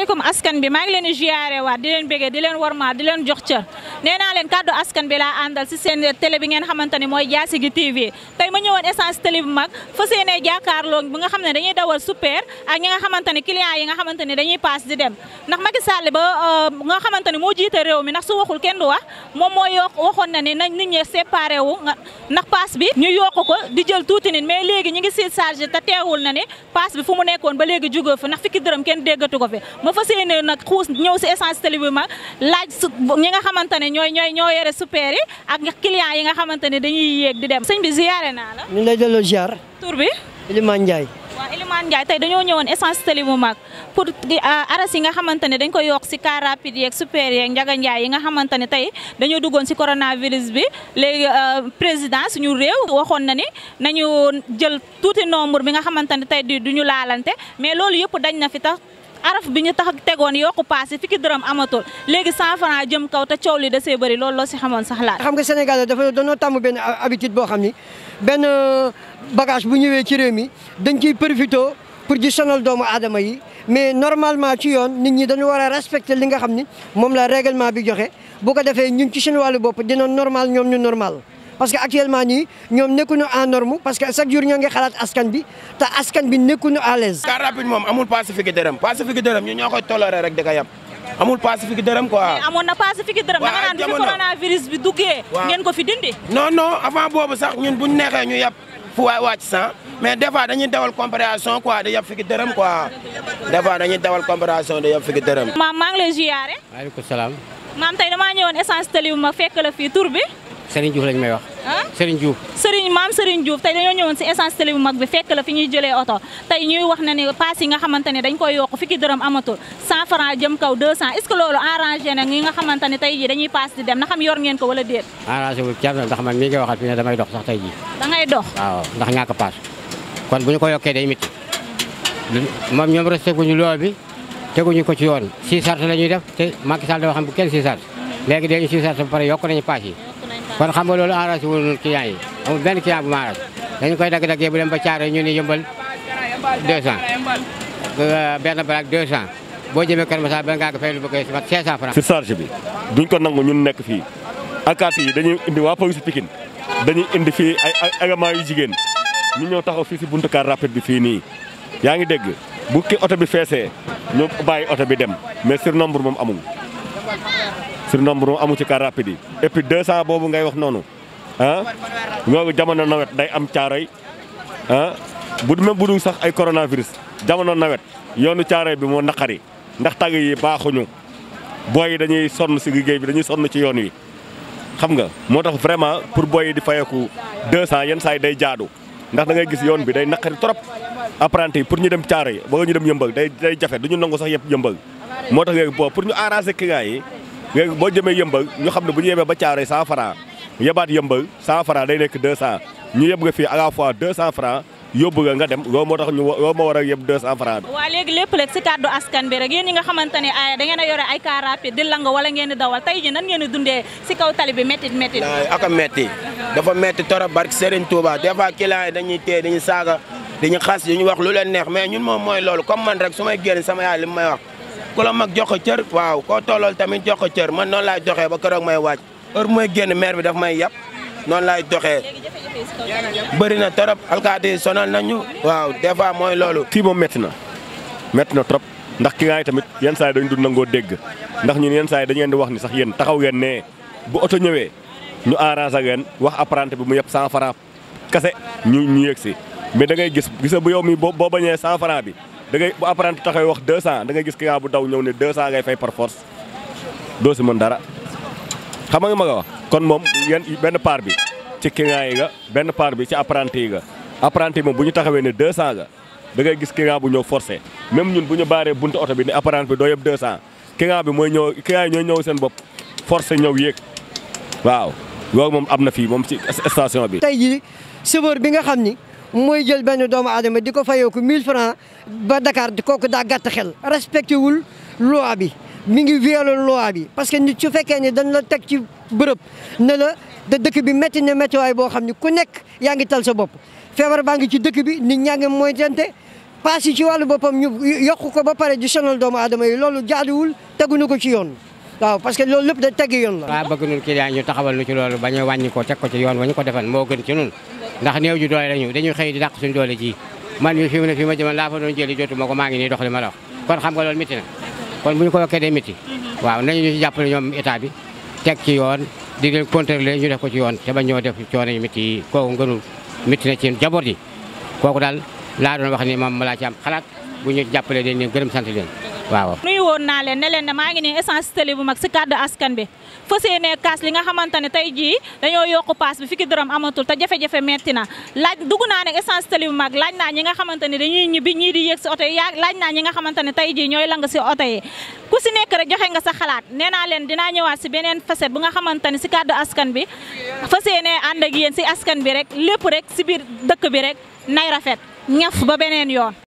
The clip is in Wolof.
alaykum askan bi ma ngi len di wa di len bégee di len worma di len jox ciir néna len cadeau askan bi la andal si sen télé bi ngén xamante moy mooy TV tay ma ñëwone essence télé bu mag fa seenee jàkkaarloo bi nga xamné dañuy dawal super ak ñi nga xamante client yi nga xamante dañuy pass di dem ndax Macky Sall ba euh, nga xamante mo jité réew mi ndax su waxul kenn du wax mom moy waxon na né nañ nit ñi séparé wu ndax pass bi ñu yokk ko di jël touti nit mais légui ñi ngi ci charger ta téwul na né pass bi fu mu nekkoon ba légui jugo fi ndax fikki dërëm kenn déggatu ko fi ma fas yéene nag xuus ñëw si essence télé bi ma laaj su ñi nga xamante ne ñooy ñooy ñoo yore super yi ak clients yi nga xamante ne dañuy yéeg di dem sëñ bi ziyaare naa la ñu lay delloo ziar tur bi Elimane Ndiaye waaw Elimane tey dañoo ñëwoon essence télé bu mag pour ah, aras yi nga xamante ne dañ koy yokk si car rapide yeeg super yeeg njaga njaay yi nga xamante ne tey dañoo duggoon si coronavirus bi léegi ah, président suñu réew waxoon na ni nañu jël tuuti nombre bi nga xamante ne tey di ñu laalante mais loolu yëpp dañ na fi tax araf bi ñu tax tegoon yokk paas yi fukki dërëm amatul léegi 100 francs jëm kaw te coow li da see bëri loolu loo si xamoon sax laat xam nga Sénégal dafa dañoo tàmm benn habitude boo xam ni benn euh, bagage bu ñëwee ci réew mi dañ ciy profito pour di sonal doomu aadama yi mais normalement ci yoon nit ñi dañu war a respecter li nga xam ni moom la règlement bi joxe bu ko defee ñun ci suñu wàllu bopp dina normal ñoom ñu normal parce que actuellement ñom ñoom nekkuñu en norme parce que chaque jour ñoo ngi xalaat askan bi ta askan bi nekkuñu à l'aise car rapide mom amul pacifique deram pacifique deram ñu ñokoy koy toléré rek di ko yem amul pacifique deram quoi amon na pacifique dërëm da nga naan bi coronavirus bi duggee ngeen ko fi dindi non non avant bobu sax ñun buñ nexé ñu yàpp fu waay wàcc sans mais des fois dañuy dawal comparaison quoi di yàpp fiki deram quoi des fois dañuy dawal comparaison di yàpp fiki deram ma ma ngi lay wa alaykoum salam mam tay dama ñëwoon essence tali ma fekk la fi tour bi Serigne Diouf lañ may wax. Serigne Diouf Serigne maam Serigne Diouf tey dañoo ñëwoon si essence télé bu mag bi fekk la fi ñuy jëlee oto tey ñuy wax na ne paas yi nga xamante ne dañ koy yokk fi ki dërëm amatul 100 francs jëm kaw 200 est ce que loolu arrangé na ñi nga xamante tey jii dañuy paas di dem na xam yor ngeen ko wala déet. arrangé wu caaf na ndax man mii ngay waxal fi ne damay dox sax tey jii. da ngay dox waaw ndax ñàkk paas kon bu ñu ko yokkee day métti moom ko ci yoon six charge la ñuy def te bu ba pare yokk nañu yi kon xam nga loolu arrangé wul client yi amul benn client bu ma dañu koy dagg-daggee bu dem ba caare ñu ne yëmbal 200 benn baraag 200 boo jëmee Kër Massar ba ngaa ko fay lu bëgg si mat 500 francs si charge bi duñ ko nangu ñun nekk fii alkaati yi dañuy indi waa police Pikine dañuy indi fii ay éléments yu jigéen ñu ñëw taxaw fii si buntu car rapide bi fii nii yaa ngi dégg bu ki oto bi feesee ñu bàyyi oto bi dem mais surnombre moom amul su surnombre amu ci car rapide yi et puis boobu ngay wax noonu ah loolu jamono nawet day am caaray ah bu même bu dul sax ay coronavirus jamono nawet yoonu caaray bi moo naqari ndax tàgg yi baaxuñu booy yi dañuy sonn si liggéey bi dañuy sonn ci yoon wi. xam nga moo tax vraiment pour booy yi di fayeku 200 yenn saa yi day jaadu ndax dangay gis yoon bi day naqari trop apprenti yi pour ñu dem caaray wala ñu dem yëmbal day day jafe du ñu sax yëpp yëmbal moo tax léegi pour ñu arranger client yi. bo boo jëmee ñu xamne bu ñu yebee ba caare 100 francs yebaat yëmbal 100 francs day nekk 200 ñu yeb nga fi à la fois 200 francs yóbbu nga nga dem yo moo tax ñu yo mo wara a yeb 200 francs wa waaw léegi lépp rek si kàddu askan bi rek yeen yi nga xamante ay da ngeen yoré ay car rapide di lang wala ngeen dawal tay ji nan ngeen dundé ci kaw tali bi metti metti nah, ak metti dafa metti torop barke Serigne Touba des fois client yi dañuy té dañuy saga dañuy xass dañuy wax lu leen neex mais ñun moom moy lool comme man rek sumay gën sama yaay lim may wax ku la mag jox ko cër waaw koo tollool tamit jox ko cër man noonu laay doxee ba keroog may waaj heure bu may génn maire bi daf may yàpp noonu laay doxee bëri na trop alkaati yi sonal nañu waaw des fois mooy loolu fii moom métti na metti na trop ndax ki ngaay tamit yenn saa yi dañu dul nangoo dégg ndax ñun yenn saa yi dañu leen di wax ni sax yéen taxaw ngeen ne bu oto ñëwee ñu arrangé ngeen wax apprenti bi mu yëpp cent franc kase ñu ñu yëg si mais da ngay gis gisa bu yow mi boo bañee cent franc bi da ngay bu apprenti taxawee wax 200 da ngay gis client bu daw ñëw ne 200 ngay fay par force doo si mën dara xam nga ma nga wax kon moom yeen benn part bi ci client yi nga benn part bi ci apprenti yi nga apprenti moom bu ñu taxawee ne 200 nga da ngay gis client bu ñëw forcé même ñun bu ñu baaree buntu oto bi ne apprenti bi doo yëpp 200 client bi mooy ñëw client yi ñooy ñëw seen bopp forcé ñëw yéeg waaw loolu moom am na fii moom ci station bi. tey jii chauffeur bi nga xam mooy jël benn doomu aadama di ko fayoo ko 1000 francs ba dakaar kooku daa gàtt xel respecté wul loi bi mu ngi violé loi bi parce que nit su fekkee ne dañ la teg ci bërëb ne la da dëkk bi métti na méttiwaay boo xam ne ku nekk yaa ngi tal sa bopp feebar baa ngi ci dëkk bi nit ñaa ngi moytante paas yi ci wàllu boppam ñu yokk ko ba pare di sonal doomu aadama yi loolu jaaduwul teguñu ko ci yoon waaw parce que loolu lépp da tegg yoon la. ba ñu wàññi ko teg ko ci yoon ba ñu ko defal moo gën ci ñun. ndax néew ji doole lañu dañuy xëy di dàq suñu doole ji man mi fi mu ne fi ma jëman laa fa jotuma ko maa dox li ma la kon xam nga loolu kon bu ñu ko yokkee day métti mhm. waaw nañu ñu ci ñoom état teg ci yoon di leen contrôler ñu def ko ci yoon te ba ñoo def coono yu métti yi kooku ngënul métti na ci jaboot yi kooku daal laa wax ni moom ma xalaat bu ñu jàppalee dañ leen gërëm sant waaw. nuyu naa leen ne leen ne maa fas yéenee kaas li nga xamante ne tey jii dañoo yokk paas bi fukki dërëm amatul te jafe-jafe metti na laaj dugg naa ne essence tali bu mag laaj naa ñi nga xamante ne dañuy ñibbi ñii di yéeg si oto yi yaa laaj naa ñi nga xamante ne tey jii ñooy lang si oto yi ku si nekk rek joxe nga sa xalaat nee naa leen dinaa ñëwaat si beneen facette bu nga xamante ne si kàddu askan bi fas yéenee ànd ak yéen si askan bi rek lépp rek si biir dëkk bi rek nay rafet ñaf ba beneen yoon